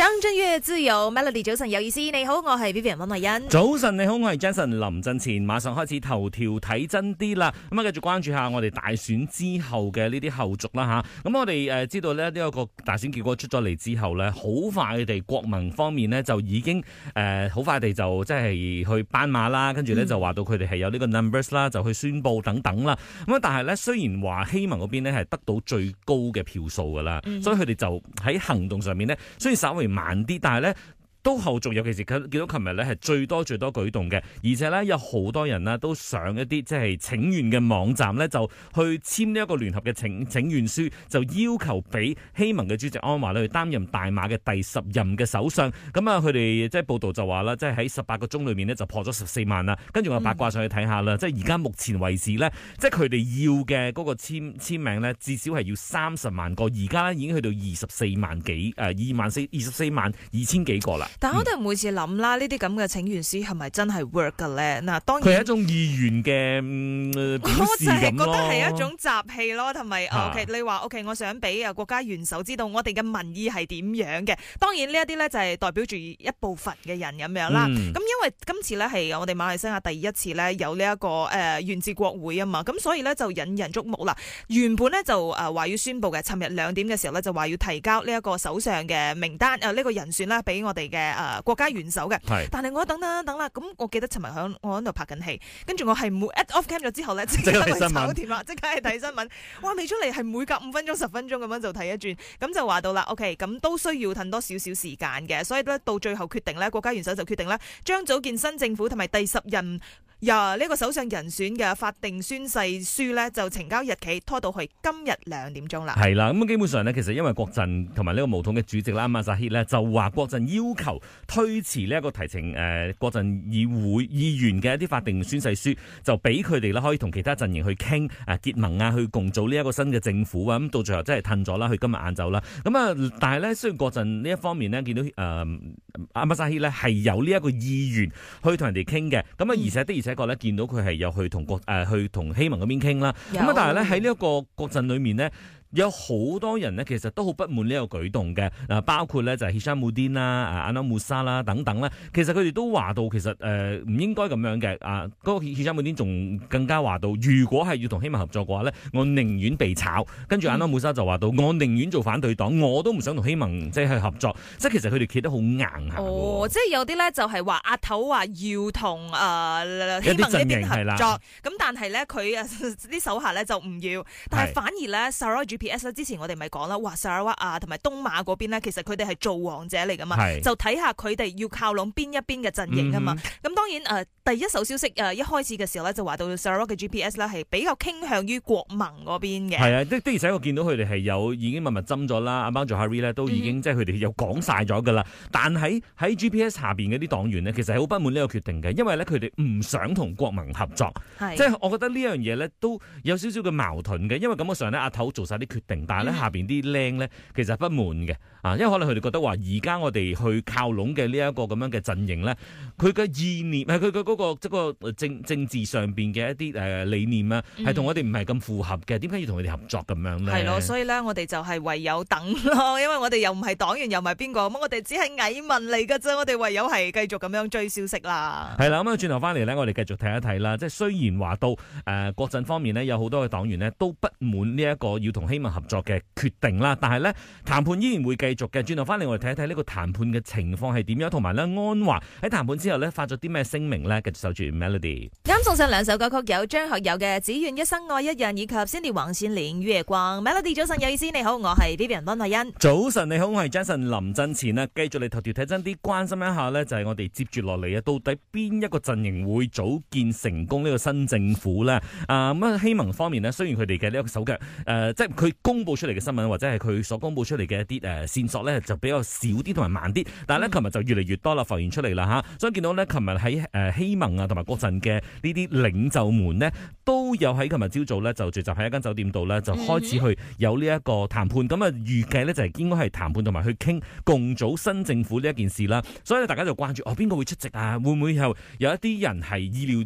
張震岳自由 Melody，早晨有意思，你好，我係 Vivian 溫慧欣。早晨你好，我係 Jason。臨陣前馬上開始，頭條睇真啲啦，咁啊繼續關注一下我哋大選之後嘅呢啲後續啦吓。咁我哋誒知道呢一個大選結果出咗嚟之後呢，好快哋國民方面呢就已經誒好快地就即係去斑馬啦，跟住呢就話到佢哋係有呢個 numbers 啦，就去宣布等等啦。咁但係呢，雖然話希盟嗰邊呢係得到最高嘅票數噶啦，所以佢哋就喺行動上面呢，雖然稍微。慢啲，但係呢。都後續，尤其是佢見到琴日咧係最多最多舉動嘅，而且咧有好多人呢都上一啲即係請願嘅網站咧，就去簽呢一個聯合嘅請請願書，就要求俾希盟嘅主席安華呢去擔任大馬嘅第十任嘅首相。咁啊，佢哋即係報道就話啦，即係喺十八個鐘裏面呢就破咗十四萬啦。跟住我八卦上去睇下啦，嗯、即係而家目前為止呢，即係佢哋要嘅嗰個簽簽名呢，至少係要三十萬個，而家已經去到二十四萬幾誒二萬四二十四萬二千幾個啦。但我哋每次諗啦，是是的的呢啲咁嘅請願書係咪真係 work 嘅咧？嗱，當然佢係一種意願嘅，我就係覺得係一種集氣咯，同埋，O K，你話 O K，我想俾啊國家元首知道我哋嘅民意係點樣嘅。當然呢一啲咧就係代表住一部分嘅人咁樣啦。咁、嗯、因為今次咧係我哋馬來西亞第一次咧有呢、這、一個誒、呃，源自國會啊嘛，咁所以咧就引人矚目啦。原本咧就誒話要宣布嘅，尋日兩點嘅時候咧就話要提交呢一個首相嘅名單啊，呢、呃這個人選啦俾我哋嘅。誒誒、啊，國家元首嘅，是但係我等等等啦，咁我記得尋日響我嗰度拍緊戲，跟住我係唔會 at off cam 咗之後咧，即刻睇新聞，即刻係睇新聞。哇！未出嚟係每隔五分鐘、十分鐘咁樣就睇一轉，咁就話到啦。OK，咁都需要褪多少少時間嘅，所以咧到最後決定咧，國家元首就決定咧，將組建新政府同埋第十任。由呢一個首相人選嘅法定宣誓書呢，就呈交日期拖到去今日兩點鐘啦。係啦，咁基本上呢，其實因為國陣同埋呢個巫統嘅主席啦，阿馬薩希呢，就話國陣要求推遲呢一個提呈誒、呃、國陣議會議員嘅一啲法定宣誓書，就俾佢哋啦可以同其他陣營去傾誒、啊、結盟啊，去共組呢一個新嘅政府啊。咁到最後真係褪咗啦，去今日晏晝啦。咁啊，但係呢，雖然國陣呢一方面呢，見到誒、呃、阿馬薩希呢係有呢一個意願去同人哋傾嘅，咁啊，而且的而且。嗯一個咧，見到佢係又去同國誒，去同希盟嗰邊傾啦。咁啊有，但係咧喺呢一個國陣裏面咧。有好多人呢，其實都好不滿呢一個舉動嘅，嗱，包括咧就係希沙穆丁啦、阿拉姆莎啦等等咧。其實佢哋都話到其實誒唔應該咁樣嘅。啊，嗰個希希沙穆丁仲更加話到，如果係要同希盟合作嘅話咧，我寧願被炒。跟住阿拉穆沙就話到，我寧願做反對黨，我都唔想同希盟即係去合作。即係其實佢哋企得好硬下。哦，即係有啲咧就係話阿頭話要同誒希盟呢邊合作，咁但係咧佢誒啲手下咧就唔要，但係反而咧。P.S. 之前我哋咪講啦，哇，砂拉越啊，同埋東馬嗰邊咧，其實佢哋係造王者嚟噶嘛。是就睇下佢哋要靠攏邊一邊嘅陣營啊嘛。咁、嗯、哼當然誒。呃第一手消息誒，一開始嘅時候咧就話到 Sarawak 嘅 GPS 咧係比較傾向於國民嗰邊嘅。係啊，的的而且我見到佢哋係有已經密密斟咗啦。阿 Benjamin 都已經即係佢哋有講晒咗噶啦。但係喺 GPS 下邊嗰啲黨員呢，其實係好不滿呢個決定嘅，因為咧佢哋唔想同國民合作。即係的我覺得呢樣嘢呢，都有少少嘅矛盾嘅，因為感覺上咧阿頭做晒啲決定，但係咧下邊啲僆呢，其實不滿嘅因為可能佢哋覺得話而家我哋去靠攏嘅呢一個咁樣嘅陣營呢，佢嘅意念佢嘅個個政政治上邊嘅一啲誒理念啊，係同我哋唔係咁符合嘅，點解要同佢哋合作咁樣咧？係咯，所以咧我哋就係唯有等咯，因為我哋又唔係黨員，又唔係邊個，咁我哋只係蟻民嚟嘅啫，我哋唯有係繼續咁樣追消息啦。係啦，咁啊轉頭翻嚟咧，我哋繼續睇一睇啦。即係雖然話到誒，國陣方面呢，有好多嘅黨員呢都不滿呢一個要同希盟合作嘅決定啦，但係呢，談判依然會繼續嘅。轉頭翻嚟，我哋睇一睇呢個談判嘅情況係點樣，同埋呢，安華喺談判之後呢，發咗啲咩聲明咧？繼續守住 Melody，啱送上兩首歌曲，有張學友嘅《只願一生愛一人》，以及 Cindy 黃千蓮《月光》Melody。Melody 早晨有意思，你好，我係 Vivian 溫慧欣。早晨，你好，我係 Jason 林振前。呢，繼續你頭條睇真啲，關心一下呢，就係、是、我哋接住落嚟啊，到底邊一個陣營會組建成功呢個新政府呢？啊、呃，咁啊，希盟方面呢，雖然佢哋嘅呢一個手腳，誒、呃，即係佢公布出嚟嘅新聞，或者係佢所公布出嚟嘅一啲誒、呃、線索呢，就比較少啲同埋慢啲，但係呢，琴日就越嚟越多啦，浮現出嚟啦吓。所以見到呢，琴日喺誒希。呃聯啊，同埋嗰陣嘅呢啲領袖們咧，都有喺琴日朝早咧就聚集喺一間酒店度呢，就開始去有呢一個談判。咁啊，預計呢，就係應該係談判同埋去傾共組新政府呢一件事啦。所以大家就關注，哦，邊個會出席啊？會唔會又有一啲人係意料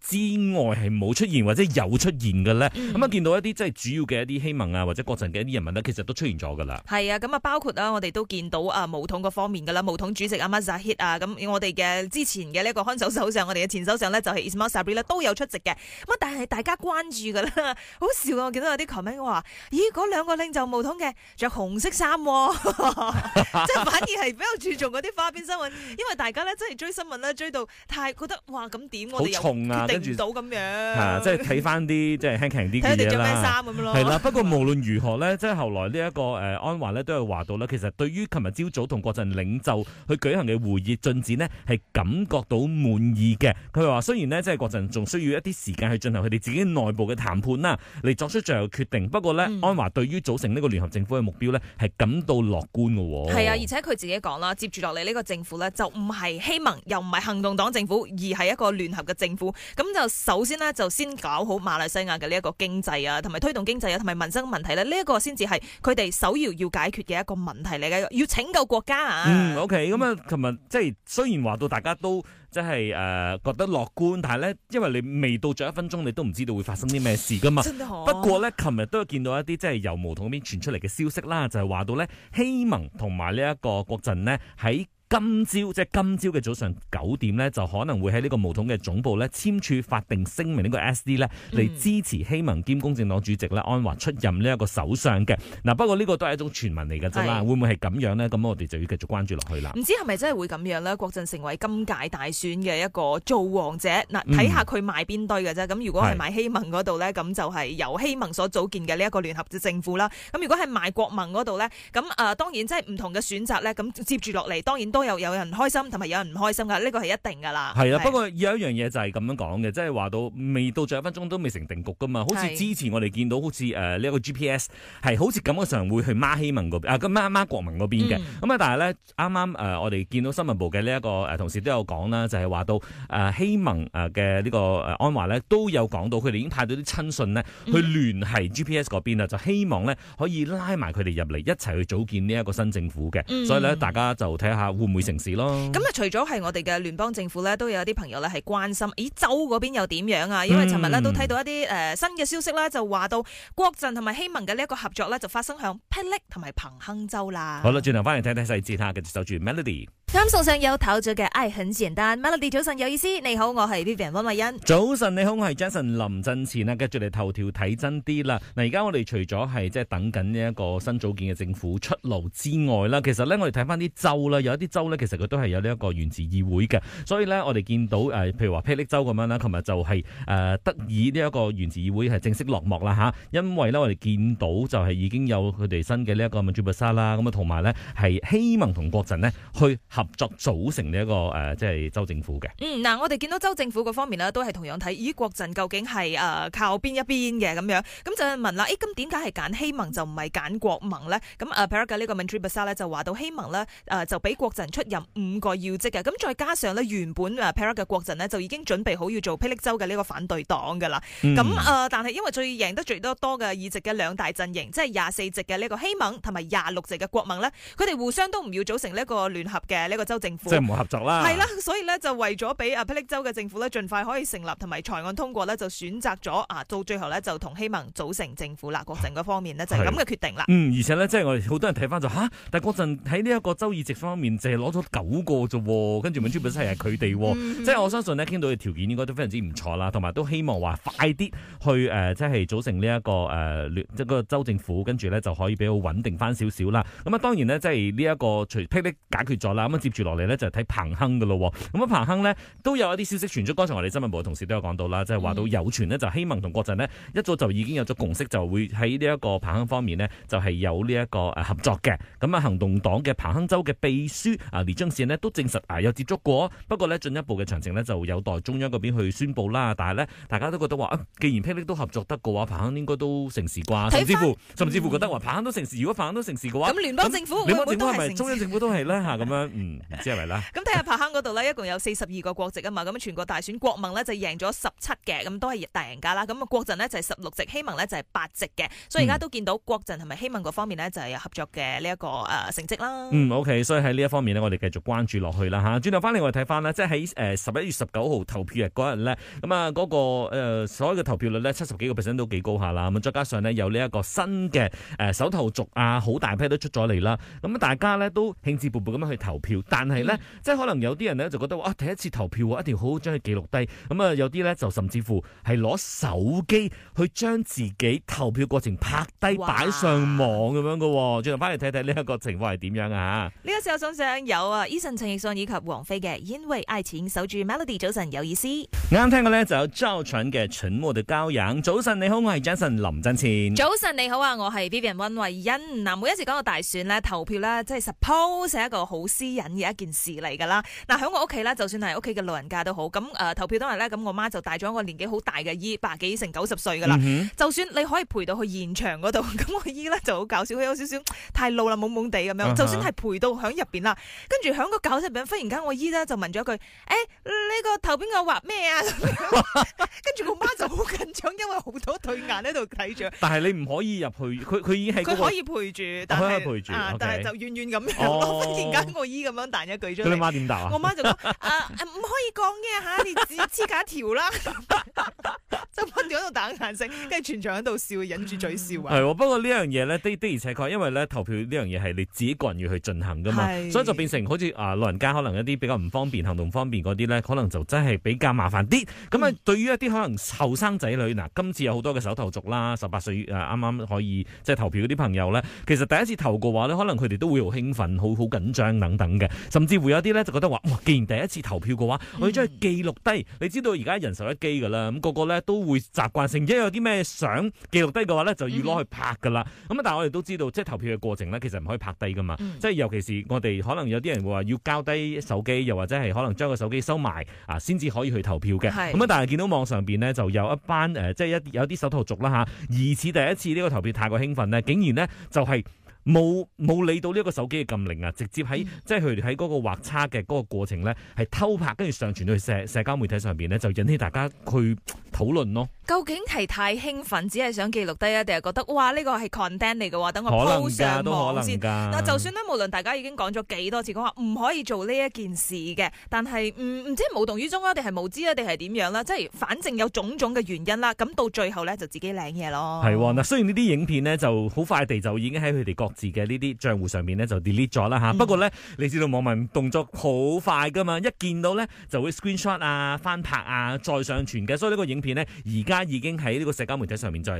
之外係冇出現或者有出現嘅咧，咁啊、嗯、見到一啲即係主要嘅一啲希盟啊或者國陣嘅一啲人物咧，其實都出現咗噶啦。係啊，咁啊包括啦，我哋都見到啊巫統個方面噶啦，巫統主席 Ahmad Zahid 啊，咁我哋嘅之前嘅呢個看守首相，我哋嘅前首相咧就係 Ismail Sabri 咧都有出席嘅。咁但係大家關注噶啦，好笑啊！我見到有啲 Comment 話，咦嗰兩個拎就巫統嘅，着紅色衫、哦，即 係 反而係比較注重嗰啲花邊新聞， 因為大家咧真係追新聞咧追到太覺得哇咁點我哋又。定唔到咁樣，即係睇翻啲即係輕輕啲嘅嘢啦。睇佢着咩衫咁咯。係啦，不過無論如何咧， 即係後來呢一個誒安華咧都係話到咧，其實對於琴日朝早同國陣領袖去舉行嘅會議進展呢，係感覺到滿意嘅。佢話雖然呢，即係國陣仲需要一啲時間去進行佢哋自己內部嘅談判啦，嚟作出最後決定。不過呢，嗯、安華對於組成呢個聯合政府嘅目標呢，係感到樂觀嘅，喔。係啊，而且佢自己講啦，接住落嚟呢個政府呢，就唔係希盟，又唔係行動黨政府，而係一個聯合嘅政府。咁就首先呢，就先搞好馬來西亞嘅呢一個經濟啊，同埋推動經濟啊，同埋民生問題咧，呢、這、一個先至係佢哋首要要解決嘅一個問題嚟嘅，要拯救國家啊。嗯，OK，咁、嗯、啊，琴日即係雖然話到大家都即係誒覺得樂觀，但係咧，因為你未到最後一分鐘，你都唔知道會發生啲咩事噶嘛。不過咧，琴日都有見到一啲即係由巫統嗰邊傳出嚟嘅消息啦，就係、是、話到咧，希盟同埋呢一個國陣呢。喺。今朝即係今朝嘅早上九點呢，就可能會喺呢個巫統嘅總部呢簽署法定聲明呢個 SD 呢嚟支持希盟兼公正黨主席呢安華出任呢一個首相嘅。嗱，不過呢個都係一種傳聞嚟㗎啫嘛，是會唔會係咁樣呢？咁我哋就要繼續關注落去啦。唔知係咪真係會咁樣呢？國陣成為今屆大選嘅一個造王者，嗱睇下佢賣邊堆㗎啫。咁、嗯、如果係賣希盟嗰度呢，咁是就係由希盟所組建嘅呢一個聯合政府啦。咁如果係賣國盟嗰度呢，咁誒當然即係唔同嘅選擇呢，咁接住落嚟當然都。又有、哦、有人開心，同埋有人唔開心噶，呢個係一定噶啦。係啦的，不過有一樣嘢就係咁樣講嘅，即係話到未到最後一分鐘都未成定局噶嘛。好似之前我哋見到好似誒呢一個 GPS 係，好似感覺上會去馬希盟嗰邊啊，咁啊馬國盟嗰邊嘅。咁啊、嗯，但係咧啱啱誒我哋見到新聞部嘅呢一個、啊、同事都有講啦，就係、是、話到誒希盟誒嘅呢個誒安華咧都有講到，佢哋已經派咗啲親信咧去聯繫 GPS 嗰邊啊，嗯、就希望呢可以拉埋佢哋入嚟一齊去組建呢一個新政府嘅。所以咧，大家就睇下每城市咯，咁啊、嗯，除咗係我哋嘅聯邦政府咧，都有一啲朋友咧係關心，咦，州嗰邊又點樣啊？因為尋日咧都睇到一啲誒、呃、新嘅消息啦，就話到國陣同埋希盟嘅呢一個合作咧，就發生響霹靂同埋彭亨州啦。好啦，轉頭翻嚟睇睇細節吓，繼續守住 Melody。今送上有討咗嘅愛很簡單 Melody 早晨，有意思，你好，我係 Vivian 溫慧欣。早晨你好，我係 Jason 林振前啊，繼續嚟頭條睇真啲啦。嗱，而家我哋除咗係即係等緊呢一個新組建嘅政府出爐之外啦，其實呢，我哋睇翻啲州啦，有一啲州呢，其實佢都係有呢一個原自議會嘅，所以呢，我哋見到誒，譬如話霹靂州咁樣啦，琴日就係誒得以呢一個原自議會係正式落幕啦吓，因為呢，我哋見到就係已經有佢哋新嘅呢一個民主白沙啦，咁啊同埋呢，係希望同國陣呢去。合作組成呢、這、一個即係、呃就是、州政府嘅。嗯，嗱，我哋見到州政府嗰方面呢都係同樣睇咦，國陣究竟係、呃、靠邊一邊嘅咁樣。咁就問啦，誒咁點解係揀希盟就唔係揀國盟咧？咁啊，Perak 呢個 Menteri Besar 就話到希盟咧誒、呃、就俾國陣出任五個要職嘅。咁再加上咧原本啊 Perak 嘅國陣呢就已經準備好要做霹靂州嘅呢個反對黨噶啦。咁誒、嗯呃，但係因為最贏得最多多嘅議席嘅兩大陣營，即係廿四席嘅呢個希盟同埋廿六席嘅國盟咧，佢哋互相都唔要組成呢個聯合嘅。呢一個州政府即係唔合作啦，係啦，所以咧就為咗俾阿霹靂州嘅政府咧盡快可以成立同埋財案通過咧，就選擇咗啊，到最後咧就同希盟組成政府啦。國陣嘅方面呢，就係咁嘅決定啦、啊。嗯，而且咧即係我哋好多人睇翻就吓，但係嗰陣喺呢一個州議席方面淨係攞咗九個啫，跟住民主本身係佢哋，嗯、即係我相信呢，傾到嘅條件應該都非常之唔錯啦，同埋都希望話快啲去誒、呃，即係組成呢、這、一個誒、呃，即個州政府，跟住咧就可以比較穩定翻少少啦。咁啊，當然咧即係呢一個除霹靂解決咗啦，咁接住落嚟呢，就係睇彭亨嘅咯，咁啊彭亨呢，都有一啲消息傳出，剛才我哋新聞部嘅同事都有講到啦，即係話到有傳呢，就希望同國陣呢，一早就已經有咗共識，就會喺呢一個彭亨方面呢，就係、誒、有呢一個合作嘅。咁啊行動黨嘅彭亨州嘅秘書啊連章善呢，都證實啊有接觸過，不過呢，進一步嘅詳情呢，就有待中央嗰邊去宣布啦。但係呢，大家都覺得話既然霹靂都合作得嘅話，彭亨應該都成事啩，甚至乎、嗯、甚至乎覺得話彭亨都成事。如果彭亨都成事嘅話，咁聯邦政府會係咪中央政府都係呢。咁 樣、嗯即係啦？咁睇下柏坑嗰度呢，一共有四十二個國席啊嘛。咁 全國大選國大，國盟呢，就贏咗十七嘅，咁都係大贏家啦。咁啊，國陣呢，就係十六席，希盟呢，就係八席嘅，所以而家都見到國陣同埋希盟嗰方面呢，就係有合作嘅呢一個誒成績啦。嗯，OK，所以喺呢一方面呢，我哋繼續關注落去啦吓。轉頭翻嚟我哋睇翻呢，即係喺誒十一月十九號投票日嗰日呢。咁啊嗰個誒所有嘅投票率呢，七十幾個 percent 都幾高下啦。咁再加上呢，有呢一個新嘅誒手頭族啊，好大批都出咗嚟啦。咁大家呢，都興致勃勃咁樣去投票。但係咧，嗯、即係可能有啲人咧就覺得啊，第一次投票一定要好好將佢記錄低。咁、嗯、啊，有啲咧就甚至乎係攞手機去將自己投票過程拍低，擺上網咁哇樣噶。轉頭翻嚟睇睇呢一個情況係點樣啊？呢個時候想想有啊，Eason 陳奕迅以及王菲嘅《因為愛情守住 melody》早晨有意思。啱聽嘅咧就有招蠢嘅蠢我哋交養。早晨你好，我係 Jason 林振前。早晨你好啊，我係 Vivian 溫慧欣。嗱，每一次講到大選咧，投票咧，即係 suppose 係一個好詩緊嘅一件事嚟噶啦，嗱、啊、喺我屋企啦，就算係屋企嘅老人家都好，咁誒、呃、投票當日咧，咁我媽就帶咗一個年紀好大嘅姨，百幾成九十歲噶啦，嗯、哼就算你可以陪到去現場嗰度，咁我姨咧就好搞笑，佢有少少太老啦，懵懵地咁樣，嗯、哼就算係陪到喺入邊啦，跟住喺個教室入邊，忽然間我姨咧就問咗一句：誒、欸，呢個頭邊個話咩啊？ 跟住我媽就好緊張，因為好多對眼喺度睇住。但係你唔可以入去，佢佢已經係嗰佢可以陪住，但係、啊、陪住，啊、okay. 但係就遠遠咁。哦。忽然間我姨咁樣彈一句，你媽點答啊？我媽就講：唔、 啊啊、可以講嘅吓，你只支架條啦。 就不斷喺度彈彈聲，跟住全場喺度笑，忍住嘴笑。係，不過呢樣嘢呢，的的而且確，因為咧投票呢樣嘢係你自己個人要去進行噶嘛，的所以就變成好似啊、呃、老人家可能一啲比較唔方便行動唔方便嗰啲呢，可能就真係比較麻煩啲。咁啊、嗯，對於一啲可能後生仔女嗱，今次有好多嘅首投族啦，十八歲啱啱可以即係投票嗰啲朋友呢，其實第一次投嘅話呢，可能佢哋都會好興奮、好好緊張等等。甚至會有啲咧就覺得話，哇！既然第一次投票嘅話，嗯、我要將佢記錄低。你知道而家人手一機噶啦，咁個個咧都會習慣性，一有啲咩想記錄低嘅話咧，就要攞去拍噶啦。咁、嗯、但係我哋都知道，即係投票嘅過程咧，其實唔可以拍低噶嘛。即係、嗯、尤其是我哋可能有啲人會話要交低手機，又或者係可能將個手機收埋啊，先至可以去投票嘅。咁是但係見到網上邊呢，就有一班誒、呃，即係一有啲手頭族啦吓，疑似第一次呢個投票太過興奮呢，竟然呢就係、是。冇冇理到呢個手機嘅禁令啊，直接喺、嗯、即係佢哋喺嗰個畫叉嘅嗰個過程咧，係偷拍跟住上傳到社社交媒體上邊咧，就引起大家去討論咯。究竟係太興奮，只係想記錄低啊？定係覺得哇，呢個係 content 嚟嘅喎？等我 po 上網先。嗱，就算咧，無論大家已經講咗幾多次講話唔可以做呢一件事嘅，但係唔唔知無動於衷啊，定係無知啊，定係點樣啦？即係反正有種種嘅原因啦。咁到最後咧，就自己領嘢咯。係喎，嗱，雖然呢啲影片呢就好快地就已經喺佢哋各自嘅呢啲賬戶上面咧就 delete 咗啦嚇。嗯、不過呢，你知道網民動作好快㗎嘛，一見到呢就會 screenshot 啊、翻拍啊、再上傳嘅。所以呢個影片呢而家。已經喺呢個社交媒體上面就。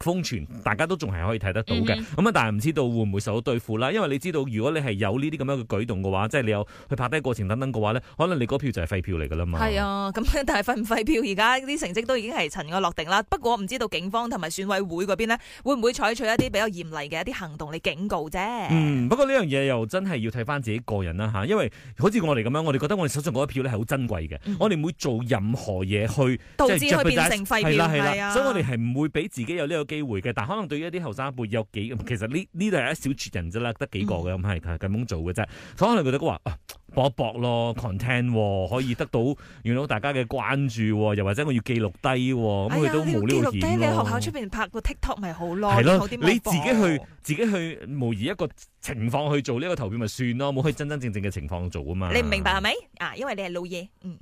封存，大家都仲係可以睇得到嘅，咁啊，但係唔知道會唔會受到對付啦？因為你知道，如果你係有呢啲咁樣嘅舉動嘅話，即係你有去拍低過程等等嘅話呢，可能你嗰票就係廢票嚟噶啦嘛。係啊，咁但係廢唔廢票，而家啲成績都已經係塵埃落定啦。不過唔知道警方同埋選委會嗰邊呢，會唔會採取一啲比較嚴厲嘅一啲行動嚟警告啫？嗯，不過呢樣嘢又真係要睇翻自己個人啦吓，因為好似我哋咁樣，我哋覺得我哋手上嗰一票係好珍貴嘅，嗯、我哋唔會做任何嘢去導致 ize, 去變成廢票，啊啊啊啊、所以我哋係唔會俾自己有呢、這個。機會嘅，但可能對於一啲後生輩有幾。其實呢呢度係一小撮人啫啦，得幾個嘅，咁係咁樣做嘅啫，所以可能佢哋都話。啊搏一搏咯，content 咯可以得到原來大家嘅關注，又或者我要記錄低咁佢都冇聊啲咯。哎、呀你記錄低你學校出邊拍個 TikTok 咪好耐？係咯，咯你自己去自己去模擬一個情況去做呢個投票咪算咯，冇可以真真正正嘅情況做啊嘛。你唔明白係咪？啊，因為你係老嘢，嗯，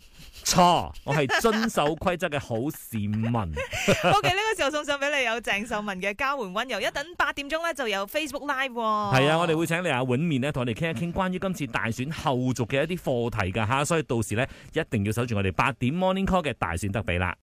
錯，我係遵守規則嘅好市民。 OK，呢個時候送上俾你有鄭秀文嘅交換溫柔，一等八點鐘咧就有 Facebook Live。係啊，我哋會請你阿、啊、永面咧同我哋傾一傾關於今次大選後續。嘅一啲課題噶吓，所以到時咧一定要守住我哋八點 morning call 嘅大選特備啦。